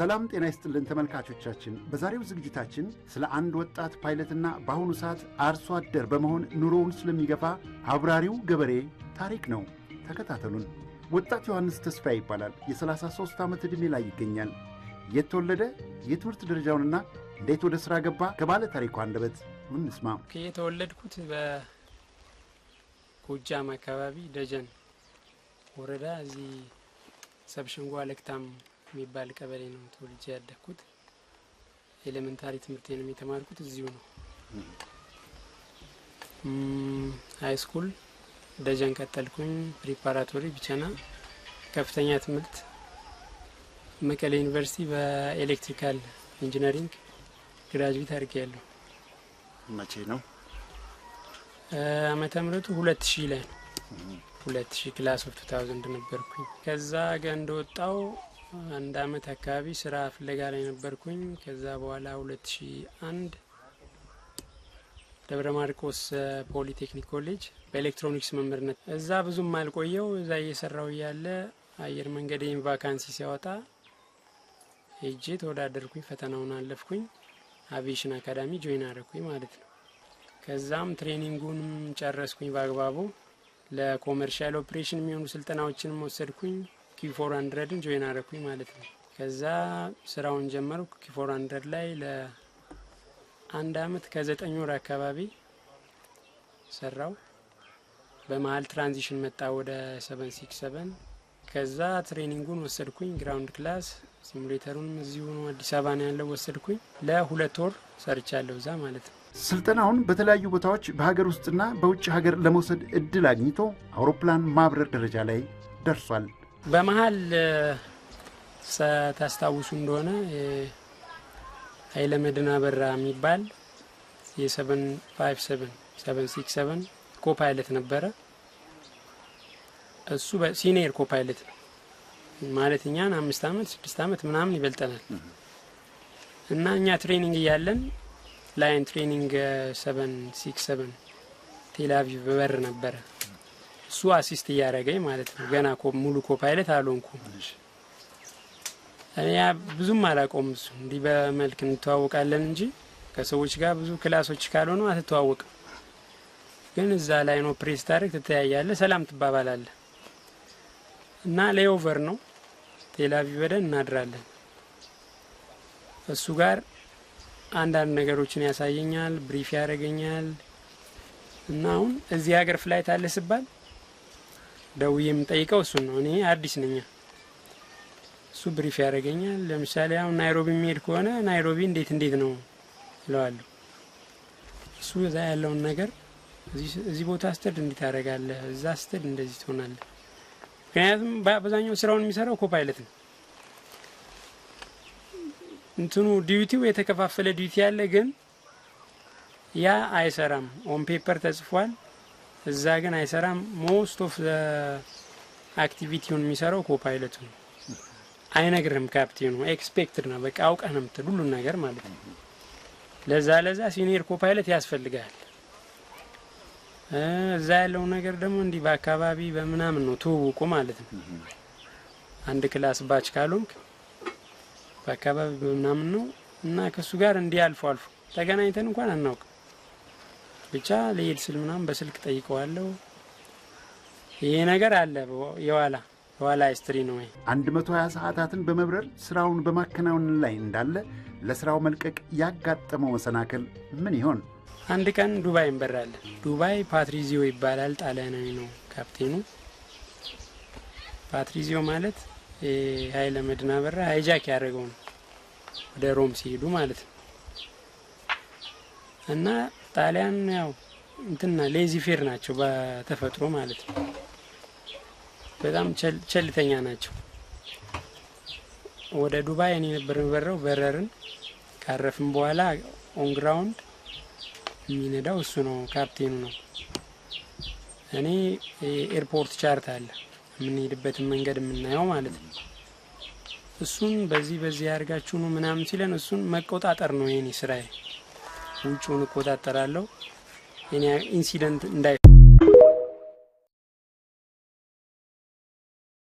ሰላም ጤና ይስጥልን ተመልካቾቻችን። በዛሬው ዝግጅታችን ስለ አንድ ወጣት ፓይለትና በአሁኑ ሰዓት አርሶ አደር በመሆን ኑሮውን ስለሚገፋ አብራሪው ገበሬ ታሪክ ነው። ተከታተሉን። ወጣት ዮሐንስ ተስፋ ይባላል። የ33 ዓመት ዕድሜ ላይ ይገኛል። የተወለደ የትምህርት ደረጃውንና እንዴት ወደ ሥራ ገባ ከባለ ታሪኩ አንደበት ምንስማ። የተወለድኩት በጎጃም አካባቢ ደጀን ወረዳ እዚህ ሰብሸንጓ ለክታም የሚባል ቀበሌ ነው ተወልጄ ያደግኩት። ኤሌመንታሪ ትምህርቴንም የተማርኩት እዚሁ ነው። ሀይ ስኩል ደጀን ቀጠልኩኝ። ፕሪፓራቶሪ ብቸና፣ ከፍተኛ ትምህርት መቀሌ ዩኒቨርሲቲ በኤሌክትሪካል ኢንጂነሪንግ ግራጅዌት አድርጌያለሁ። መቼ ነው? አመተ ምሕረቱ ሁለት ሺህ ላይ ነው። ሁለት ሺህ ክላስ ኦፍ ቱ ታውዘንድ ነበርኩኝ። ከዛ ገ እንደወጣው አንድ አመት አካባቢ ስራ ፍለጋ ላይ ነበርኩኝ። ከዛ በኋላ ሁለት ሺ አንድ ደብረ ማርቆስ ፖሊቴክኒክ ኮሌጅ በኤሌክትሮኒክስ መምህርነት እዛ ብዙም አልቆየው። እዛ እየሰራው እያለ አየር መንገዴን ቫካንሲ ሲያወጣ ሄጄ ተወዳደርኩኝ። ፈተናውን አለፍኩኝ። አቪዬሽን አካዳሚ ጆይን አረኩኝ ማለት ነው። ከዛም ትሬኒንጉንም ጨረስኩኝ በአግባቡ። ለኮመርሻል ኦፕሬሽን የሚሆኑ ስልጠናዎችንም ወሰድኩኝ። ኪፎር አንድረድን ጆይን አረኩኝ ማለት ነው። ከዛ ስራውን ጀመሩ ኪፎር አንድረድ ላይ ለአንድ አመት ከዘጠኝ ወር አካባቢ ሰራው። በመሀል ትራንዚሽን መጣ ወደ ሰቨን ሲክስ ሰቨን። ከዛ ትሬኒንጉን ወሰድኩኝ ግራውንድ ክላስ ሲሙሌተሩን እዚሁ አዲስ አበባ ነው ያለው። ወሰድኩኝ ለሁለት ወር ሰርቻለሁ እዛ ማለት ነው። ስልጠናውን በተለያዩ ቦታዎች በሀገር ውስጥና በውጭ ሀገር ለመውሰድ እድል አግኝቶ አውሮፕላን ማብረር ደረጃ ላይ ደርሷል። በመሀል ታስታውሱ እንደሆነ ኃይለ በራ የሚባል የሰቨን ፋይቭ ሰቨን ሰቨን ሲክስ ሰቨን ኮፓይለት ነበረ። እሱ ሲኒየር ኮፓይለት ነው ማለት እኛን አምስት አመት ስድስት አመት ምናምን ይበልጠናል። እና እኛ ትሬኒንግ እያለን ላይን ትሬኒንግ ሰቨን ሲክስ ሰቨን ቴል በበር በር ነበረ እሱ አሲስት እያደረገኝ ማለት ነው። ገና ሙሉ ኮፓይለት አልሆንኩም። እኔ ብዙም አላውቀውም። እሱ እንዲህ በመልክ እንተዋወቃለን እንጂ ከሰዎች ጋር ብዙ ክላሶች ካልሆኑ አትተዋወቅም። ግን እዛ ላይ ነው ፕሬስ ታሪክ ትተያያለ፣ ሰላም ትባባላለ እና ሌኦቨር ነው ቴላቪቭ በደን እናድራለን። እሱ ጋር አንዳንድ ነገሮችን ያሳየኛል፣ ብሪፍ ያደርገኛል እና አሁን እዚህ ሀገር ፍላይት አለ ስባል ደውዬ የምጠይቀው እሱን ነው። እኔ አዲስ ነኛ። እሱ ብሪፍ ያደርገኛል። ለምሳሌ አሁን ናይሮቢ የሚሄድ ከሆነ ናይሮቢ እንዴት እንዴት ነው እለዋለሁ። እሱ እዛ ያለውን ነገር እዚህ ቦታ ስትሄድ እንዴት ታደርጋለህ፣ እዛ ስትሄድ እንደዚህ ትሆናለህ። ምክንያቱም በአብዛኛው ስራውን የሚሰራው ኮፓይለት ነው። እንትኑ ዲዩቲው የተከፋፈለ ዲዩቲ ያለ ግን ያ አይሰራም። ኦን ፔፐር ተጽፏል። እዛ ግን አይሰራም። ሞስት ኦፍ አክቲቪቲውን የሚሰራው ኮፓይለቱ ነው። አይነግርህም ካፕቴኑ። ኤክስፔክትድ ነው በቃ አውቀህ ነው የምትል ሁሉን ነገር ማለት ነው። ለዛ ለዛ ሲኒየር ኮፓይለት ያስፈልጋል። እዛ ያለው ነገር ደግሞ እንዲህ በአካባቢ በምናምን ነው ትውውቁ ማለት ነው። አንድ ክላስ ባች ካልሆንክ በአካባቢ በምናምን ነው እና ከእሱ ጋር እንዲህ አልፎ አልፎ ተገናኝተን እንኳን አናውቅም። ብቻ ልሄድ ስል ምናምን በስልክ ጠይቀዋለሁ። ይሄ ነገር አለ የኋላ የኋላ ስትሪ ነው። 120 ሰዓታትን በመብረር ስራውን በማከናወን ላይ እንዳለ ለስራው መልቀቅ ያጋጠመው መሰናክል ምን ይሆን? አንድ ቀን ዱባይ እንበራለን። ዱባይ ፓትሪዚዮ ይባላል። ጣሊያናዊ ነው ካፕቴኑ። ፓትሪዚዮ ማለት ኃይለ መድና በራ አይጃክ ያደረገው ነው ወደ ሮም ሲሄዱ ማለት ነው እና ጣሊያን ያው እንትና ሌዚ ፌር ናቸው በተፈጥሮ ማለት ነው። በጣም ቸልተኛ ናቸው። ወደ ዱባይ እኔ ነበር የምበረው። በረርን ካረፍን በኋላ ኦንግራውንድ የሚነዳው እሱ ነው፣ ካፕቴኑ ነው። እኔ ኤርፖርት ቻርት አለ የምንሄድበትን መንገድ የምናየው ማለት ነው። እሱን በዚህ በዚህ ያደርጋችሁ ነው ምናምን ሲለን እሱን መቆጣጠር ነው የኔ ስራዬ። ውጭውን እቆጣጠራለሁ። ኢንሲደንት እንዳይ